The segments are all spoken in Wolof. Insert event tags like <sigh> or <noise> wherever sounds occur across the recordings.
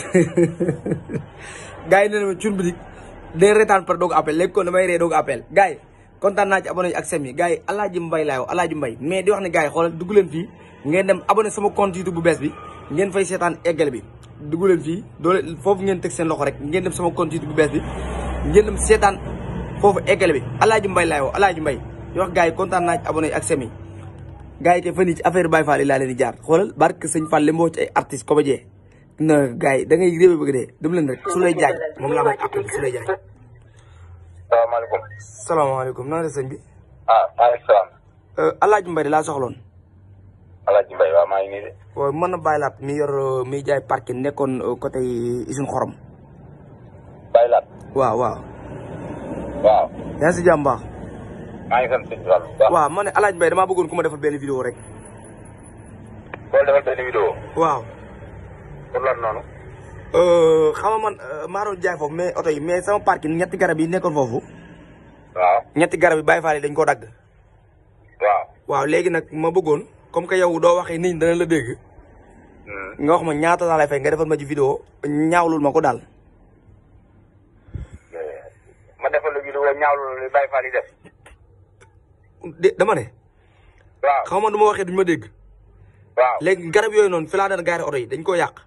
<laughs> gars yi nee na ma Thioune Boutique day retaan par doog appel léegi kon damay ree doog appel gars yi kontaan naa ci abonné ak sem yi gars yi Alaaji Mbay laa yow Alaaji Mbay mais wax ne gars yi xoolal dugg leen fii ngeen dem abonné sama compte YouTube bu bees bi fay seetaan eggale bi dugg leen fii doole foofu ngeen teg seen loxo rek ngeen sama compte YouTube bu bees bi ngeen dem seetaan foofu eggale bi Alaaji Mbay laa yow Alaaji Mbay di wax gars yi kontaan naa ci abonné yi ak sem yi gars yi te fan yi ci affaire Baye Fall yi laa leen di jaar xoolal barke sëñ Fall li ci ay artiste na gars yi da ngay réew bëgg dee dem leen rek su lay moom laa may appel su lay jaaj. salaamaaleykum. salaamaaleykum na nga def sëñ bi. ah maaleykum salaam. Euh, Alaaji Mbay laa soxloon. Alaaji Mbay waaw maa na Baye mi yor euh, mi jaay parking nekkoon euh, côté usine xorom. Baye Laat. waaw waaw. yaa ngi si jàmm baax. waaw ma ne Alaaji Mbay damaa bëggoon ku defal benn vidéo rek. waaw. pour lan noonu. Euh, xam nga man euh, maa doon jaay foofu mais oto yi mais sama parking ñetti garab yi nekkoon foofu. waaw ñetti garab yi Baye Fall yi dañ ko dagg. waaw waaw léegi nag ma bëggoon comme que yow doo waxee nii ñi dana la dégg. Hmm. nga wax ma ñaata laa lay fay nga defal ma ci vidéo ñaawlul ma ko daal. Eh, ma defal la vidéo ñaawlul yi def. dama ne. waaw xaw ma du ma waxee duñ ma dégg. waaw léegi yooyu noonu fi laa daan gaari oto yi dañ koo yàq.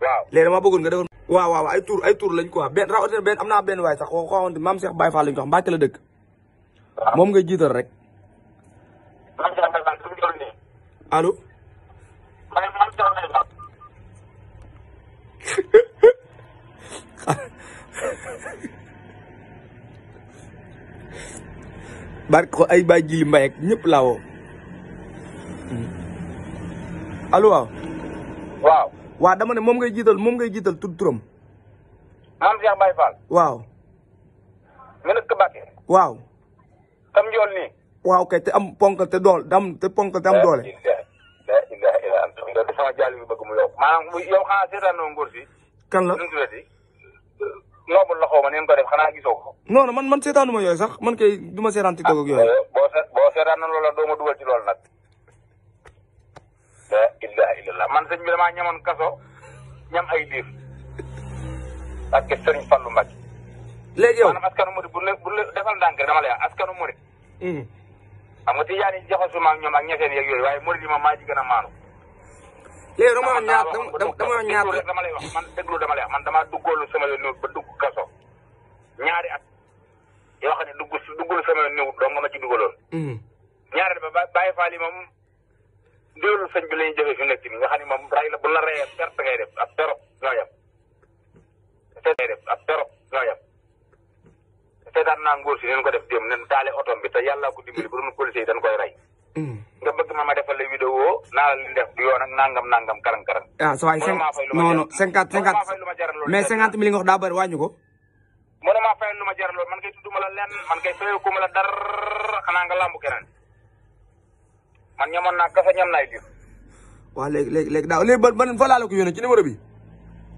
waaw léegi dama bëggoon nga ay tur ay tur lañ quoi benn rawatina benn am naa benn waay sax xaw ma xaw maam Cheikh Baye Fall lañ ko wax Mbacke la dëkk. <laughs> ay Baye Jili Mbaye ak ñëpp laa hmm. waaw. wa dama ne mom ngay jital mom ngay jital tudd turam. am Cheikh Baye Fall. waaw. nga dëkk bakke waaw. tam njool ni waaw kay te am ponkal te dol dam te ponkal te am la ilaha illa anta sama jaali bi mu yokk maanaam yow xanaa seetaanoo ngóor si. kan la nu mu tuddati. noobul la def xanaa gisoo non non man man seetaanuma yooyu sax man kay du tiktok ah, na ma ci la ilaha illallah man sëñ bi damaa ñamoon kaso ñam ay liir parce que sëriñ Fallou Mbacke. léegi yow maanaam askanu murid bu la defal ndànk dama lay wax askanu murid. Hmm. xam nga ti yi jaxasuma ak ñoom ak ñeseen yeeg yooyu waaye murid yi moom maa ci gën a maanu. léegi dama am ñaar dama ñaar lay wax man dama lay wax man damaa duggoolu sama yoon ba dugg kaso ñaari at yoo xam ne dugg duggalu sama yoon néew dong nga ma ci dugaloon. Hmm. ñaari ba bàyyi faali ndiwlu sëñ bi lañu jëfee fi nekk nga xam ne ray la bu la rayee perte ngay def ab torop nga yem perte ngay def ab torop nga yem seetaan naa nguur si neen ko def dem nen taale otom bi te yàlla ko dimbali bu doon police yi dañ koy rey mm. nga bëgg ma ma defal la vidéo naa la def du yoon ak nangam nangam karang karang ah non non mais nga wax ko man kay la man kay ko nga man ñamoon naa kafe ñam naay dir. waaw léegi léegi léegi daaw léegi ban ban fa laa la ko yónnee ci numéro bi.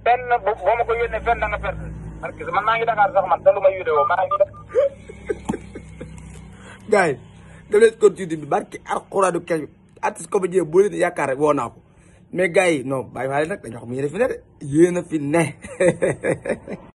fenn boo ma ko yónnee fenn da nga perte parce man maa ngi Dakar sax man te lu may yónnee maa ngi. <laughs> gars yi daf leen ko tuuti bi barki alxuraanu kenn artiste comédien boo leen yaakaar rek woo naa ko mais gars yi non bàyyi maa leen nag dañoo a fi ne de yéen a fi ne. <laughs>